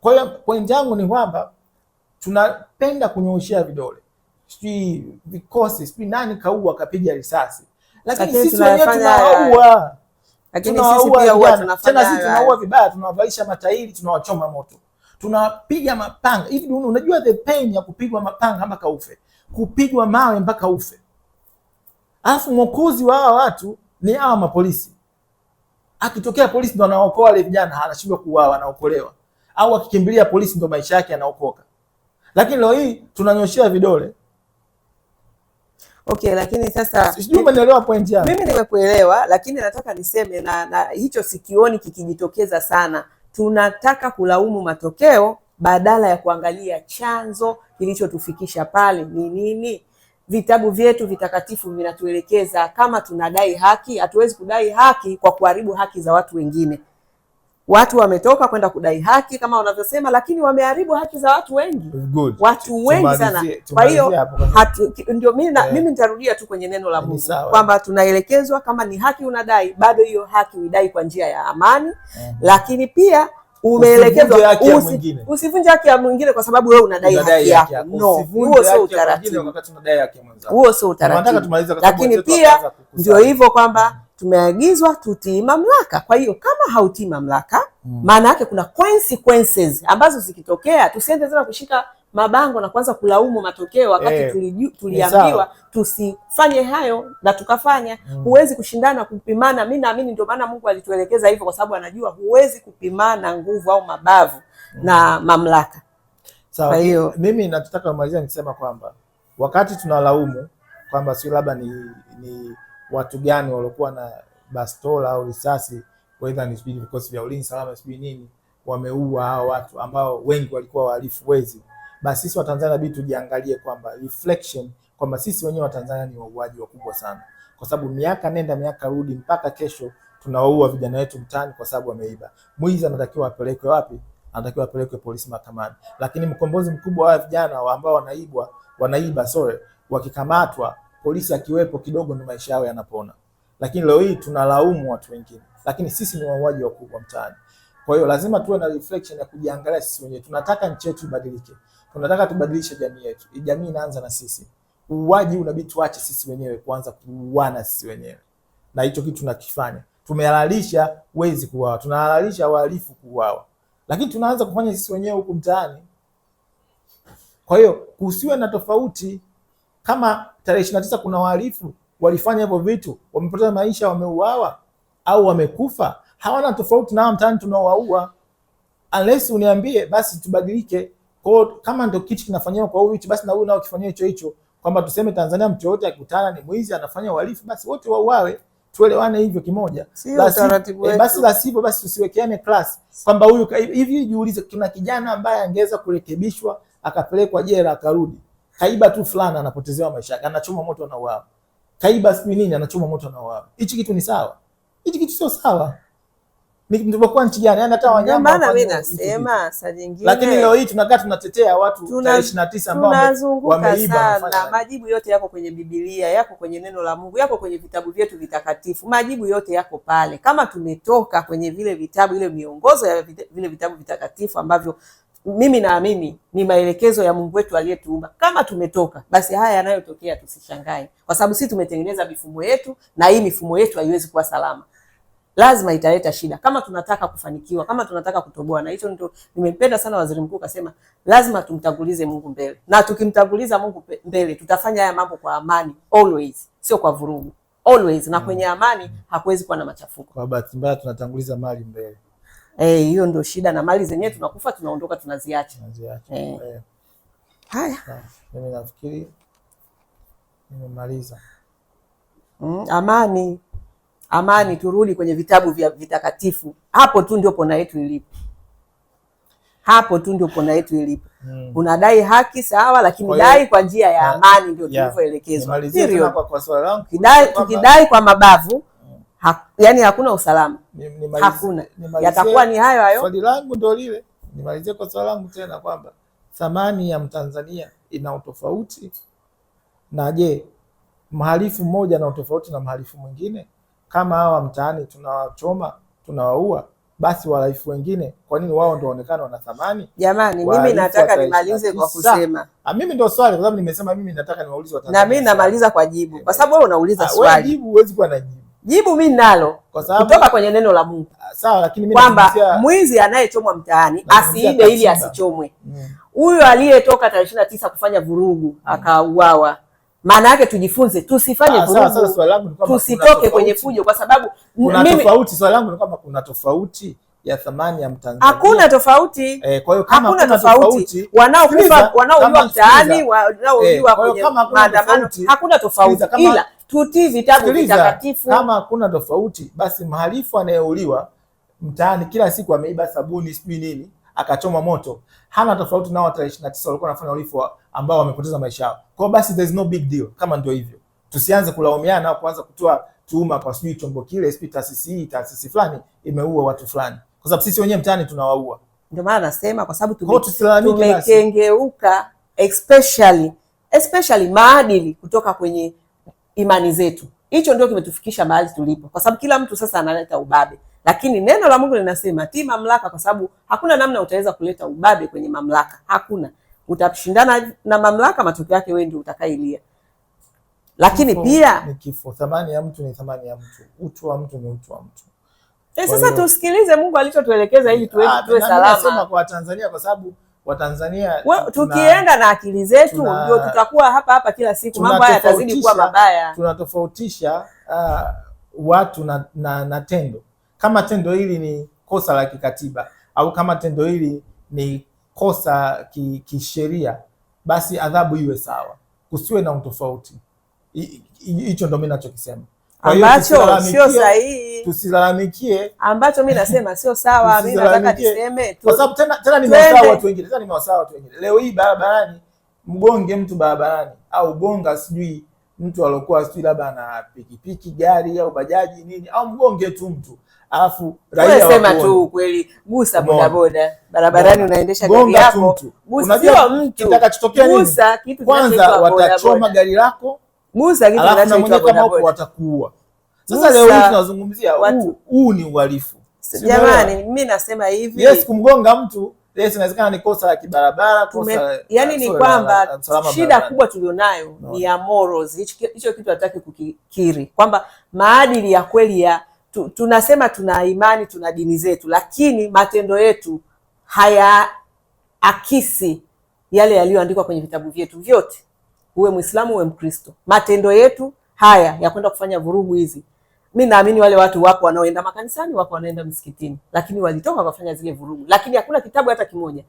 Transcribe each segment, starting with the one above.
Kwa hiyo pointi yangu ni kwamba tunapenda kunyooshea vidole, sijui vikosi, sijui nani kaua kapiga risasi, lakini sisi wenyewe tunaua lakini sisi pia huwa tunafanya tena, sisi tunaua vibaya, tunawavalisha matairi, tunawachoma moto, tunapiga mapanga hivi. Unajua the pain ya kupigwa mapanga mpaka ufe, kupigwa mawe mpaka ufe, alafu mwokozi wa hawa watu ni hawa mapolisi. Akitokea polisi ndo anaokoa wale vijana, anashindwa kuuawa, anaokolewa au akikimbilia polisi ndo maisha yake yanaokoka. Lakini leo hii tunanyoshea vidole. Okay, lakini sasa sijui umenielewa point yangu. Mimi nimekuelewa, lakini nataka niseme na, na hicho sikioni kikijitokeza sana. Tunataka kulaumu matokeo badala ya kuangalia chanzo kilichotufikisha pale ni nini. Vitabu vyetu vitakatifu vinatuelekeza, kama tunadai haki, hatuwezi kudai haki kwa kuharibu haki za watu wengine watu wametoka kwenda kudai haki kama wanavyosema, lakini wameharibu haki za watu wengi Good. watu wengi sana. Kwa hiyo ndio mimi yeah. mimi nitarudia tu kwenye neno la yaani Mungu kwamba tunaelekezwa kama ni haki unadai, bado hiyo haki uidai kwa njia ya amani -huh. Eh. lakini pia umeelekezwa usivunje haki ya mwingine kwa sababu wewe unadai haki yako. huo sio utaratibu, huo sio utaratibu. Lakini pia ndio hivyo kwamba tumeagizwa tutii mamlaka. Kwa hiyo kama hautii mamlaka, hmm. maana yake kuna consequences ambazo zikitokea, tusiende tena kushika mabango na kuanza kulaumu matokeo wakati hey, eh, tuliambiwa tusifanye hayo na tukafanya. Hmm. Huwezi kushindana kupimana. Mi naamini ndio maana Mungu alituelekeza hivyo, kwa sababu anajua huwezi kupimana nguvu au mabavu mm. na mamlaka. Sawa, kwa hiyo mimi nataka kumalizia nikisema kwamba wakati tunalaumu kwamba sio labda ni, ni watu gani waliokuwa na bastola au risasi, whether ni sijui vikosi vya ulinzi salama sijui nini, wameua hao watu ambao wengi walikuwa wahalifu wezi. Basi sisi Watanzania bidi tujiangalie kwamba reflection kwamba sisi wenyewe Watanzania ni wauaji wakubwa sana, kwa sababu miaka nenda miaka rudi mpaka kesho tunawaua vijana wetu mtaani kwa sababu wameiba. Mwizi anatakiwa apelekwe wapi? Anatakiwa apelekwe polisi mahakamani. Lakini mkombozi mkubwa wa vijana ambao wanaibwa wanaiba sorry, wakikamatwa polisi akiwepo kidogo ni maisha yao yanapona. Lakini leo hii tunalaumu watu wengine, lakini sisi ni wauaji wakubwa mtaani. Kwa hiyo lazima tuwe na reflection ya kujiangalia sisi wenyewe. Tunataka nchi yetu ibadilike, tunataka tubadilishe jamii yetu. Jamii inaanza na sisi. Uuaji unabidi tuache sisi wenyewe kuanza kuuana sisi wenyewe, na hicho kitu tunakifanya. Tumehalalisha wezi kuuawa, tunahalalisha wahalifu kuuawa, lakini tunaanza kufanya sisi wenyewe huku mtaani. Kwa hiyo kusiwe na tofauti kama tarehe ishirini na tisa kuna wahalifu walifanya hivyo vitu, wamepoteza maisha, wameuawa au wamekufa, hawana tofauti na mtaani tunaowaua, unless uniambie basi tubadilike. Kwa kama ndio kitu kinafanyiwa kwa huyu basi na huyu nao kifanyia hicho hicho, kwamba tuseme Tanzania mtu yote akikutana ni mwizi anafanya uhalifu basi wote wauawe, tuelewane hivyo kimoja. Eh, basi e, basi la sivyo basi tusiwekeane class kwamba huyu hivi. Jiulize, kuna kijana ambaye angeweza kurekebishwa akapelekwa jela akarudi kaiba tu fulani anapotezewa maisha yake, anachoma moto na uawa, kaiba sijui nini, anachoma moto na uawa. Hichi kitu ni sawa? Hichi kitu sio sawa. Tumekuwa nchi gani? Yani hata wanyama. Maana mimi nasema saa nyingine, lakini leo hii tunakaa tunatetea watu ishirini na ambao wameiba. Majibu yote yako kwenye Biblia, yako kwenye neno la Mungu, yako kwenye vitabu vyetu vitakatifu. Majibu yote yako pale, kama tumetoka kwenye vile vitabu, ile miongozo ya vile vitabu vitakatifu ambavyo mimi naamini ni maelekezo ya Mungu wetu aliyetuumba. Kama tumetoka, basi haya yanayotokea tusishangae, kwa sababu sisi tumetengeneza mifumo yetu, na hii mifumo yetu haiwezi kuwa salama, lazima italeta shida kama tunataka kufanikiwa, kama tunataka kutoboa. Na hicho ndio nimempenda sana waziri mkuu, kasema lazima tumtangulize Mungu mbele, na tukimtanguliza Mungu mbele tutafanya haya mambo kwa amani always, sio kwa vurugu always, na mm. kwenye amani hakuwezi kuwa na machafuko. Kwa bahati mbaya tunatanguliza mali mbele. Eh, hiyo ndio shida na mali zenyewe tunakufa tunaondoka tunaziacha. Tunaziacha. Eh. eh. Haya. Mimi nafikiri nimemaliza. Mm, amani. Amani, turudi kwenye vitabu vya vitakatifu. Hapo tu ndio pona yetu ilipo. Hapo tu ndio pona yetu ilipo. Hmm. Unadai haki sawa, lakini dai kwa njia ya eh. amani, ndio tulivyoelekezwa. Tukidai kwa mabavu ha, yani hakuna usalama nimalize, hakuna yatakuwa ni hayo hayo. Swali langu ndio lile, nimalizie kwa swali langu tena kwamba thamani ya Mtanzania ina utofauti na je, mhalifu mmoja na utofauti na mhalifu mwingine? Kama hawa mtaani tunawachoma tunawaua, basi wahalifu wengine, kwa nini wao ndio waonekana wana thamani? Jamani, mimi nataka nimalize kwa kusema ah, mimi ndio swali, kwa sababu nimesema mimi nataka niwaulize Watanzania, na mimi namaliza kwa jibu, kwa sababu wewe unauliza ah, swali, jibu huwezi kuwa na jibu. Jibu mi nalo kutoka kwenye neno la Mungu ah, kwamba mwizi anayechomwa mtaani asiibe ili asichomwe. Mm. Huyu mm. aliyetoka tarehe ishirini na tisa kufanya vurugu mm. akauawa. Maana yake tujifunze, tusifanye ah, vurugu, tusitoke kwenye fujo, kwa sababu kuna tofauti. Swali langu ni kwamba kuna tofauti ya thamani ya Mtanzania. Hakuna tofauti eh, kwa hiyo kama hakuna tofauti, wanaouliwa mtaani, wanaouliwa kwenye maandamano, hakuna tofauti ila tutii vitabu vitakatifu. Kama hakuna tofauti, basi mhalifu anayeuliwa mtaani kila siku ameiba sabuni sijui nini akachoma moto hana tofauti nao watu ishirini na tisa walikuwa wanafanya uhalifu ambao wamepoteza maisha yao. Kwa hiyo basi there is no big deal kama ndio hivyo, tusianze kulaumiana au kuanza kutoa tuhuma kwa sijui chombo kile, sijui taasisi hii, taasisi fulani imeua watu fulani, kwa sababu sisi wenyewe mtaani tunawaua. Ndio maana nasema kwa sababu tumekengeuka especially especially maadili kutoka kwenye imani zetu. Hicho ndio kimetufikisha mahali tulipo, kwa sababu kila mtu sasa analeta ubabe, lakini neno la Mungu linasema ti mamlaka, kwa sababu hakuna namna utaweza kuleta ubabe kwenye mamlaka. Hakuna, utashindana na mamlaka, matokeo yake wewe ndio utakayelia Lakini kifo, pia ni kifo. Thamani ya mtu ni thamani ya mtu, utu wa mtu ni utu wa mtu. E, sasa tusikilize Mungu alichotuelekeza ili tuwe ah, salama kwa Tanzania kwa sababu Watanzania tukienda na akili zetu ndio tutakuwa hapa hapa kila siku, mambo haya yatazidi kuwa mabaya. Tunatofautisha uh, watu na, na, na tendo. Kama tendo hili ni kosa la kikatiba au kama tendo hili ni kosa kisheria ki basi adhabu iwe sawa, kusiwe na utofauti. Hicho ndo mimi ninachokisema ambacho sio sahihi, tusilalamikie ambacho mi nasema sio sawa. Mimi nataka niseme kwa sababu tena tena nimewasaa watu wengine, tena nimewasaa watu wengine. Leo hii barabarani, mgonge mtu barabarani au gonga sijui mtu alokuwa sijui labda ana pikipiki gari au bajaji nini au mgonge tu mtu alafu raia sema tu kweli, gusa bodaboda barabarani, unaendesha gari yako, gusa mtu kitakachotokea nini? Kwanza watachoma gari lako Musa kitu kinachoitwa kama huko watakuua. Sasa leo hii tunazungumzia huu ni uhalifu. Jamani, mimi nasema hivi. Yes, kumgonga mtu yes, inawezekana ni kosa la kibarabara, kosa yani ni kwamba shida kubwa tulionayo ni ya morals. Hicho kitu hataki kukikiri kwamba maadili ya kweli ya tu, tunasema tuna imani tuna dini zetu, lakini matendo yetu haya akisi yale yaliyoandikwa kwenye vitabu vyetu vyote uwe Mwislamu uwe Mkristo, matendo yetu haya ya kwenda kufanya vurugu hizi, mi naamini wale watu wapo wanaoenda makanisani, wapo wanaenda msikitini, lakini walitoka wakafanya zile vurugu, lakini hakuna kitabu hata kimoja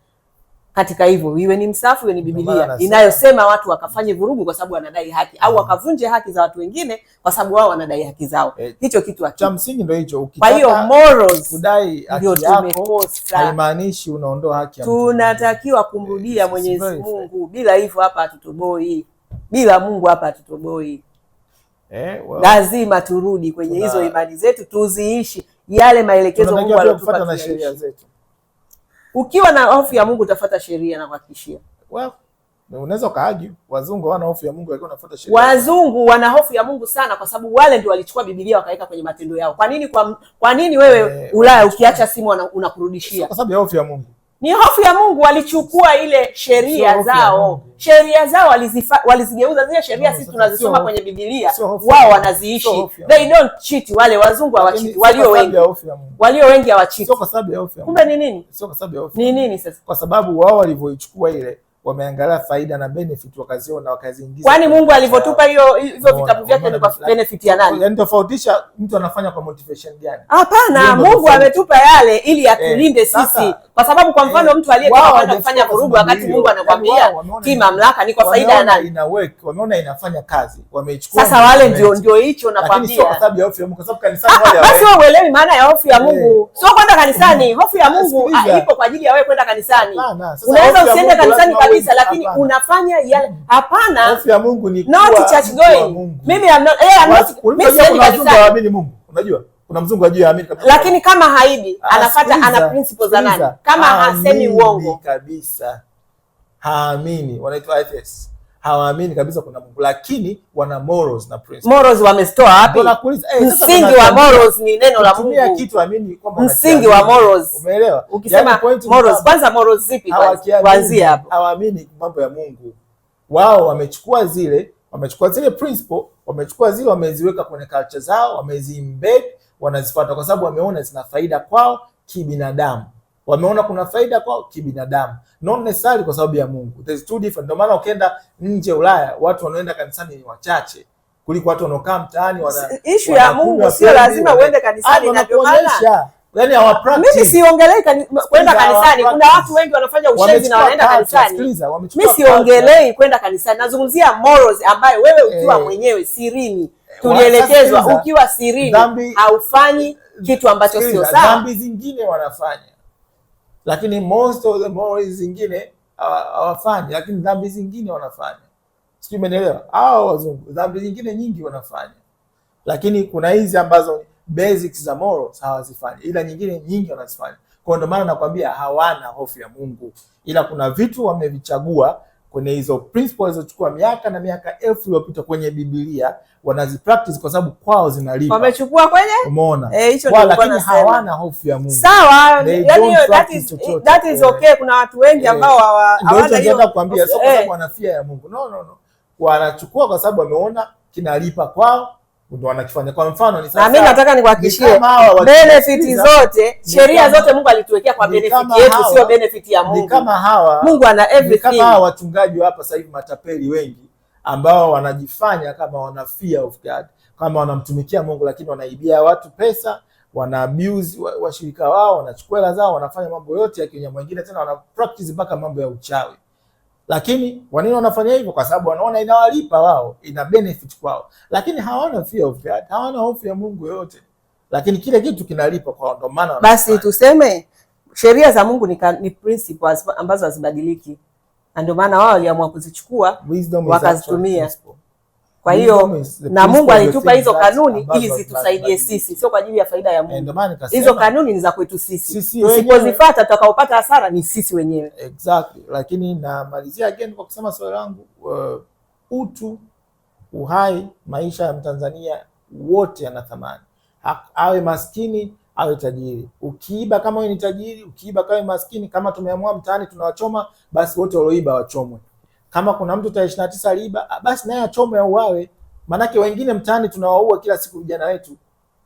katika hivyo, iwe ni msafu iwe ni Biblia inayosema watu wakafanye vurugu kwa sababu wanadai haki au wakavunje haki za watu wengine kwa sababu wao wanadai haki zao. Eh, hicho kitu cha msingi ndio hicho. Kwa hiyo morals, kudai haki yako haimaanishi unaondoa haki. Tunatakiwa kumrudia eh, Mwenyezi Mungu, bila hivyo hapa hatutoboi, bila Mungu hapa hatutoboi. Eh, well, lazima turudi kwenye hizo imani zetu tuziishi, yale maelekezo Mungu alitupa na sheria zetu. Ukiwa na hofu ya Mungu utafuata sheria na kuhakikishia. Well, unaweza ukaaje wazungu wana hofu ya Mungu walikuwa wanafuata sheria. Wazungu wana hofu ya Mungu sana kwa sababu wale ndio walichukua Biblia wakaweka kwenye matendo yao. Kwa nini kwa, kwa nini wewe eh, Ulaya ukiacha simu unakurudishia? Kwa sababu ya hofu ya Mungu ni hofu ya Mungu. Walichukua ile sheria zao, sheria zao walizigeuza zile sheria sisi tunazisoma kwenye Biblia, wao wanaziishi, they don't cheat. Wale wazungu hawachiti, walio wengi walio wengi hawachiti. Kumbe ni nini? Ni nini sasa? Kwa sababu wao walivyoichukua ile wameangalia faida na benefit wakaziona wakaziingiza. Kwani Mungu alivyotupa hiyo hivyo vitabu vyake ni kwa benefit ya nani? Yaani tofautisha mtu anafanya kwa motivation gani? Hapana, Mungu ametupa yale ili eh, atulinde sisi, kwa sababu kwa mfano eh, mtu aliyetoka kufanya vurugu, wakati Mungu anakuambia ki mamlaka ni kwa faida ya nani? Ina work, wameona inafanya kazi, wameichukua. Sasa wale ndio ndio hicho nakwambia, lakini sio kwa sababu ya hofu ya Mungu, kwa sababu kanisani ah, wale. Basi uelewi maana ya hofu ya eh. Mungu, sio kwenda kanisani. Mm. Hofu ya Mungu ah, ipo kwa ajili ya wewe kwenda kanisani. Unaweza usiende kanisani kabisa, lakini unafanya yale. Hapana, hofu ya Mungu ni not church going. Mimi am not eh, I'm not mimi siamini kabisa Mungu, unajua kuna mzungu ajui aamini kabisa, lakini kama haidi ah, anafuata ana principles za nani, kama hasemi uongo kabisa, haamini, wanaitwa atheists hawaamini kabisa kuna Mungu, lakini wana morals na principles. Morals wamestoa wapi? Eh, msingi wa morals ni neno la Mungu, Tumia kitu amini kwamba msingi wa morals, umeelewa? Yaani Ukisema morals, kwanza morals zipi? Kuanzia hapo hawaamini mambo ya Mungu. Wao wamechukua zile wamechukua zile principle, wamechukua zile wameziweka kwenye culture zao, wameziimbed, wanazifuata kwa sababu wameona zina faida kwao kibinadamu wameona kuna faida kwa kibinadamu, not necessarily kwa sababu ya Mungu. There two different. Ndio maana ukienda nje Ulaya, watu wanaoenda kanisani ni wachache kuliko watu wanaokaa mtaani. Wana issue ya Mungu, sio lazima uende ah, kanisani, na ndio maana Yani mimi siongelei kwenda kanisani. Kuna watu wengi wanafanya ushenzi na wanaenda kanisani. Mimi siongelei kwenda kanisani, nazungumzia morals ambayo wewe ukiwa e, mwenyewe sirini, eh, tulielekezwa ukiwa sirini haufanyi kitu ambacho sio sawa. Dhambi zingine wanafanya lakini most of the morals zingine hawafanyi, lakini dhambi zingine wanafanya. Sijui umeelewa? Hao wazungu dhambi zingine nyingi wanafanya, lakini kuna hizi ambazo basics za morals hawazifanyi, ila nyingine nyingi wanazifanya. Kwa ndio maana nakwambia hawana hofu ya Mungu, ila kuna vitu wamevichagua kwenye hizo principles zilizochukua miaka na miaka elfu iliyopita kwenye Biblia wanazipractice kwa sababu kwao zinalipa. Wamechukua kwenye umeona eh, hicho ndio lakini hawana hofu ya Mungu. Sawa, yani that is that eh. is okay. Yeah. Kuna watu wengi eh. ambao hawana hiyo, ndio nakwambia, sio kwa eh. sababu wana fear ya Mungu. No, no, no, wanachukua kwa sababu wameona kinalipa kwao ndo wanakifanya. Kwa mfano ni sasa, na mimi nataka nikuhakikishie benefit zote, sheria zote Mungu alituwekea kwa benefit yetu, sio benefit ya Mungu. Ni kama hawa, Mungu ana everything. kama hawa wachungaji wa hapa sasa hivi matapeli wengi ambao wanajifanya kama wana fear of God, kama wanamtumikia Mungu, lakini wanaibia watu pesa, wana abuse washirika wao, wanachukua hela zao, wanafanya mambo yote ya kinyama, wengine tena wana practice mpaka mambo ya uchawi. Lakini kwa nini wanafanya hivyo? Kwa sababu wanaona inawalipa wao, ina benefit kwao, lakini hawana fear of God, hawana hofu ya Mungu yoyote, lakini kile kitu kinalipa kwao, ndio maana basi tuseme sheria za Mungu ni, ni principles ambazo hazibadiliki, na ndio maana wao waliamua kuzichukua wakazitumia. Kwa hiyo na Mungu alitupa hizo kanuni ili zitusaidie sisi, sio kwa ajili ya faida ya Mungu. Hizo kanuni ni za kwetu sisi, tusipozifuata tutakaopata hasara ni sisi wenyewe. Exactly. Lakini namalizia again kwa kusema swali langu, uh, utu, uhai, maisha ya Mtanzania wote yana thamani, awe maskini awe tajiri. Ukiiba kama wewe ni tajiri, ukiiba kawe maskini. Kama tumeamua mtaani tunawachoma, basi wote walioiba wachomwe. Kama kuna mtu tarehe ishirini na tisa aliiba, ah, basi naye achomwe au Maanake wengine mtaani tunawaua kila siku vijana wetu,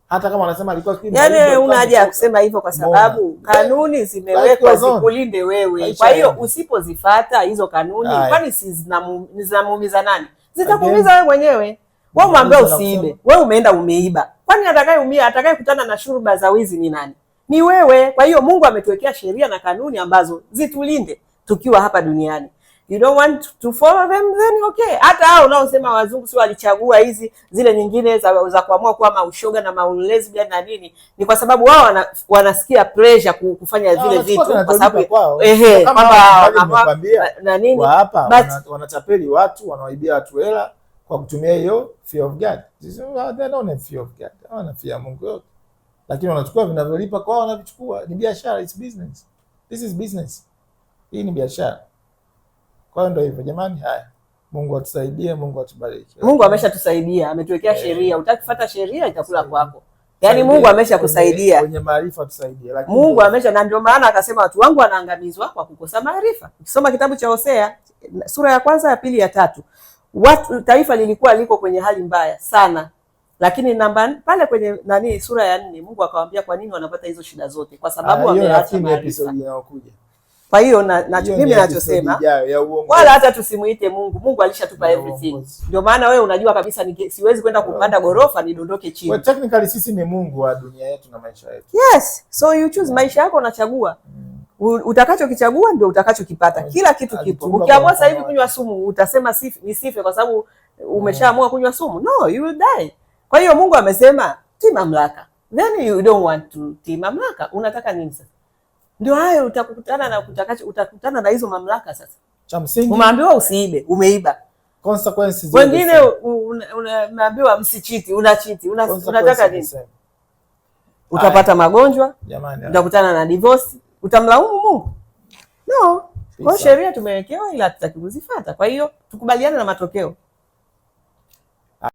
hata kama wanasema alikuwa sijui. Yani una haja ya kusema hivyo, kwa sababu kanuni zimewekwa zikulinde wewe. Kwa hiyo usipozifata hizo kanuni, kwani si zinamuumiza nani? Zitakuumiza wewe mwenyewe. Wewe umeambia usiibe, wewe umeenda umeiba. Kwani atakayeumia, atakayekutana na shuruba za wizi ni nani? Ni wewe. Kwa hiyo Mungu ametuwekea sheria na kanuni ambazo zitulinde tukiwa hapa duniani you don't want to follow them then okay. Hata hao unaosema wazungu si walichagua hizi zile nyingine za, za kuamua kuwa maushoga na maulesbian na nini, ni kwa sababu wao wana, wanasikia pressure kufanya ah, zile vitu kwa sababu ehe, kama na nini hapa wanatapeli watu, wanawaibia watu hela kwa kutumia hiyo fear of God. This They don't have fear of God, hawana fear Mungu yote, lakini wanachukua vinavyolipa kwao, wanavichukua. Ni biashara, it's business, this is business. Hii ni biashara. Kwa hiyo ndio hivyo jamani, haya Mungu atusaidie, Mungu atubariki. Mungu ameshatusaidia, ametuwekea yeah, sheria. Utaki sheria itakula kwako. Yaani Mungu ameshakusaidia. Kwenye maarifa atusaidie. Lakini Mungu amesha na ndio maana akasema watu wangu wanaangamizwa kwa kukosa maarifa. Ukisoma kitabu cha Hosea sura ya kwanza, ya pili, ya tatu. Watu taifa lilikuwa liko kwenye hali mbaya sana. Lakini namba pale kwenye nani sura ya nne Mungu akawaambia kwa nini wanapata hizo shida zote kwa sababu ah, wameacha maarifa. Kwa hiyo na mimi nachosema wala hata tusimuite Mungu, Mungu alishatupa everything. Ndio maana wewe unajua kabisa nike, siwezi kwenda kupanda ghorofa nidondoke chini. Well, technically sisi ni Mungu wa dunia yetu na maisha yetu. Yes, so you choose yeah. maisha yako unachagua mm. utakachokichagua ndio utakachokipata. Mm. Kila kitu kipo. Ukiamua sasa hivi kunywa sumu utasema sifi, ni nisife kwa sababu umeshaamua mm. kunywa sumu. No, you will die. Kwa hiyo Mungu amesema ti mamlaka, then you don't want to ti mamlaka. Unataka nini sasa? Ndio hayo utakutana na kutakacho, utakutana na hizo mamlaka sasa. Cha msingi umeambiwa usiibe, umeiba. Consequences wengine unaambiwa msichiti, unachiti, unataka nini? Utapata Aye. magonjwa jamani, utakutana na divorce, utamlaumu Mungu? No, kwa sheria tumewekewa, ila hatutaki Kwa hiyo tukubaliane na matokeo.